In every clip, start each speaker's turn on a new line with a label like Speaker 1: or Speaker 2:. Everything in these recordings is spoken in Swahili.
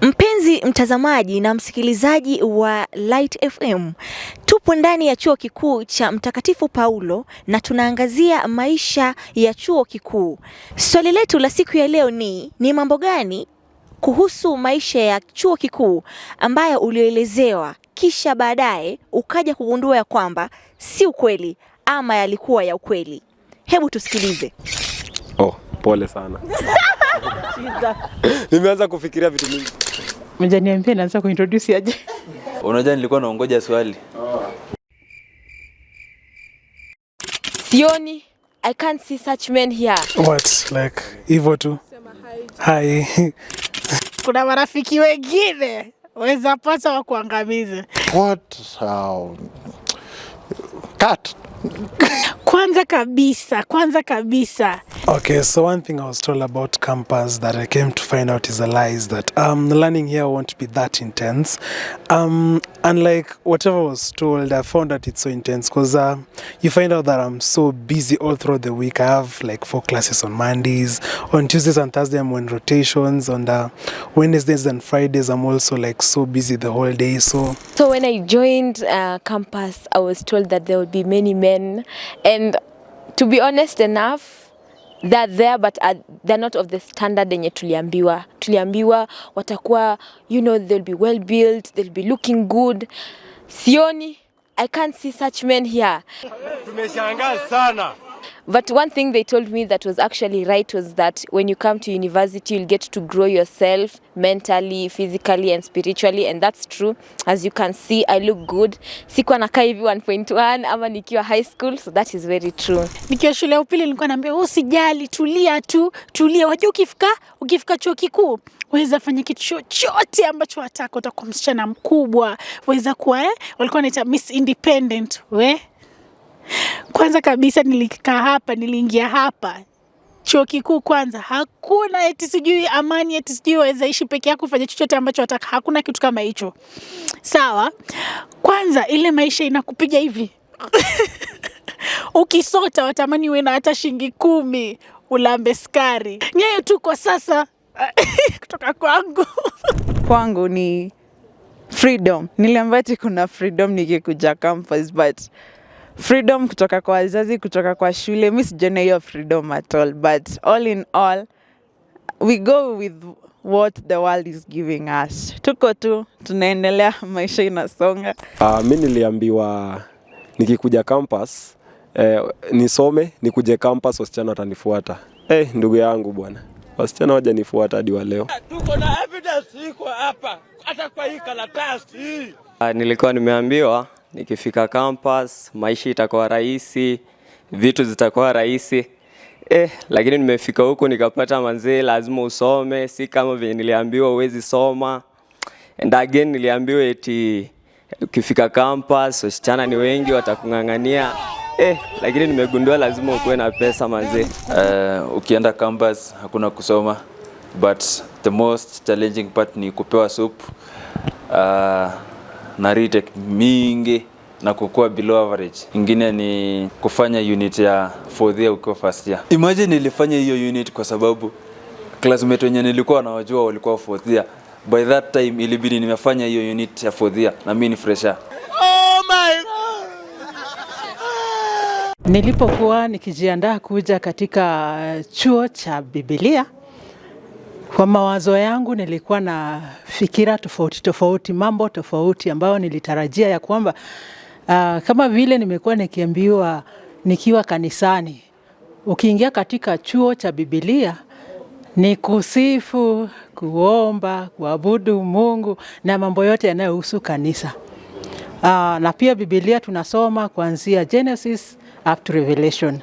Speaker 1: Mpenzi mtazamaji na msikilizaji wa Light FM, tupo ndani ya chuo kikuu cha Mtakatifu Paulo na tunaangazia maisha ya chuo kikuu. Swali letu la siku ya leo ni ni mambo gani kuhusu maisha ya chuo kikuu ambayo ulioelezewa kisha baadaye ukaja kugundua ya kwamba si ukweli ama yalikuwa ya ukweli? Hebu tusikilize.
Speaker 2: Oh, pole sana. Nimeanza kufikiria vitu mingi.
Speaker 3: Mjaniambia naanza kuintroduce aje?
Speaker 4: Unajua nilikuwa naongoja swali.
Speaker 5: Sioni. I can't see such men here.
Speaker 6: What? Like hivyo tu. Hi.
Speaker 7: Kuna marafiki wengine weza pata wa kuangamiza.
Speaker 8: What? cut.
Speaker 7: Kwanza kabisa, kwanza kabisa
Speaker 6: Okay, so one thing I was told about campus that I came to find out is a lie is that um, learning here won't be that intense. Um, and like whatever I was told, I found that it's so intense because uh, you find out that I'm so busy all throughout the week. I have like four classes on Mondays, on Tuesdays and Thursdays I'm on rotations, on the uh, Wednesdays and Fridays I'm also like so busy the whole day. So,
Speaker 5: so when I joined uh, campus, I was told that there would be many men, and to be honest enough they're there but are, they're not of the standard yenye tuliambiwa tuliambiwa watakuwa you know they'll be well built they'll be looking good sioni i can't see such men here tumeshangaa sana But one thing they told me that was actually right was that when you come to university, you'll get to grow yourself mentally, physically and spiritually. And that's true. As you can see, I look good. Sikuwa nakaa hivi 1.1 ama nikiwa high school. So that is very true.
Speaker 7: Nikiwa shule ya upili nilikuwa naambia oh, sijali, tulia tu, tulia. Wajua ukifika, ukifika chuo kikuu waweza fanya kitu chochote ambacho wataka. Utakuwa msichana mkubwa, weza kuwa eh, walikuwa wanaita Miss Independent we kwanza kabisa nilikaa hapa, niliingia hapa chuo kikuu kwanza, hakuna eti sijui amani, eti sijui waweza ishi peke yako, fanya chochote ambacho wataka. Hakuna kitu kama hicho, sawa? Kwanza ile maisha inakupiga hivi ukisota watamani uwe na hata shilingi kumi ulambe skari. Nyayo tu kwa sasa kutoka kwangu
Speaker 9: kwangu ni freedom. niliambati kuna freedom nikikuja campus but freedom kutoka kwa wazazi, kutoka kwa shule. Mi sijaona hiyo freedom at all, but all in all we go with what the world is giving us. Tuko tu tunaendelea, maisha inasonga.
Speaker 10: Uh, mi niliambiwa nikikuja campus eh, nisome nikuje campus wasichana watanifuata. Eh, ndugu yangu bwana, wasichana wajanifuata hadi wa leo.
Speaker 11: Tuko na evidence iko hapa, hata kwa hii karatasi.
Speaker 12: Uh, nilikuwa nimeambiwa nikifika campus maisha itakuwa rahisi, vitu zitakuwa rahisi. Eh, lakini nimefika huku nikapata manzee, lazima usome, si kama vile niliambiwa uwezi soma. And again niliambiwa eti ukifika campus wasichana ni wengi watakung'ang'ania. Eh, lakini nimegundua lazima ukuwe na pesa manzee.
Speaker 13: Uh, ukienda campus hakuna kusoma but the most challenging part ni kupewa soup. Uh, na retake mingi na kukua below average. Ingine ni kufanya unit ya fourth year ukiwa first year. Imagine nilifanya hiyo unit kwa sababu classmate wenye nilikuwa nawajua walikuwa fourth year. By that time ilibidi nimefanya hiyo unit ya fourth year na mimi ni fresher.
Speaker 14: Oh my God.
Speaker 7: Nilipokuwa nikijiandaa kuja katika uh, chuo cha Biblia kwa mawazo yangu nilikuwa na fikira tofauti tofauti, mambo tofauti ambayo nilitarajia ya kwamba uh, kama vile nimekuwa nikiambiwa nikiwa kanisani, ukiingia katika chuo cha Biblia ni kusifu, kuomba, kuabudu Mungu na mambo yote yanayohusu kanisa. Uh, na pia Biblia tunasoma kuanzia Genesis up to Revelation.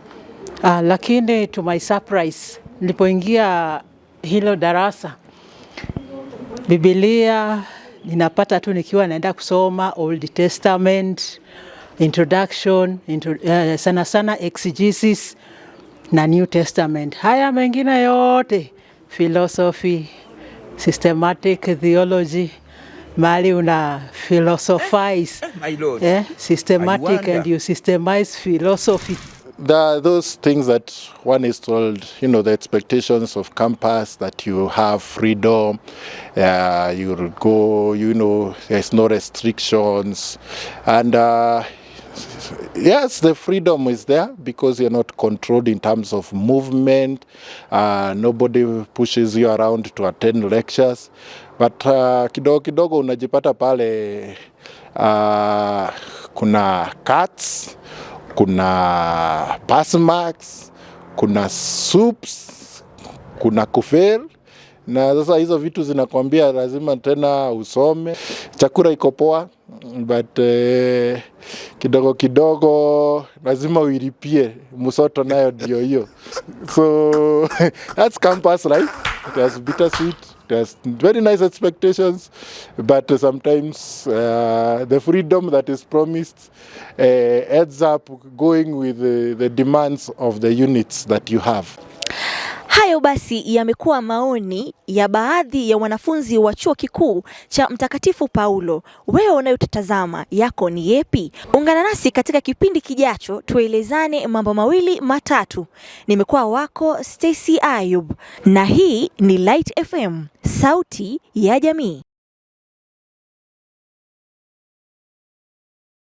Speaker 7: Uh, lakini to my surprise nilipoingia hilo darasa. Biblia ninapata tu nikiwa naenda kusoma Old Testament, introduction intro, uh, sana sana exegesis na New Testament. Haya mengine yote philosophy, systematic theology mali una philosophize eh, eh, systematic and you systemize philosophy
Speaker 15: there are those things that one is told, you know, the expectations of campus that you have freedom, uh, you'll go, you know, there's no restrictions. And uh, yes, the freedom is there because you're not controlled in terms of movement. Uh, nobody pushes you around to attend lectures. But uh, kidogo kidogo unajipata pale uh, kuna cuts kuna pasmax, kuna soups, kuna kufel na sasa hizo vitu zinakwambia lazima tena usome. Chakula iko poa but eh, kidogo kidogo lazima uilipie musoto nayo ndio hiyo so that's campus life. It bitter sweet has very nice expectations, but sometimes uh, the freedom that is promised uh, ends up going with the, the demands of the units that you have.
Speaker 1: Hayo basi yamekuwa maoni ya baadhi ya wanafunzi wa chuo kikuu cha Mtakatifu Paulo. Wewe unayotazama yako ni yepi? Ungana nasi katika kipindi kijacho, tuelezane mambo mawili matatu. Nimekuwa wako Stacy Ayub na hii ni Light FM, sauti ya jamii.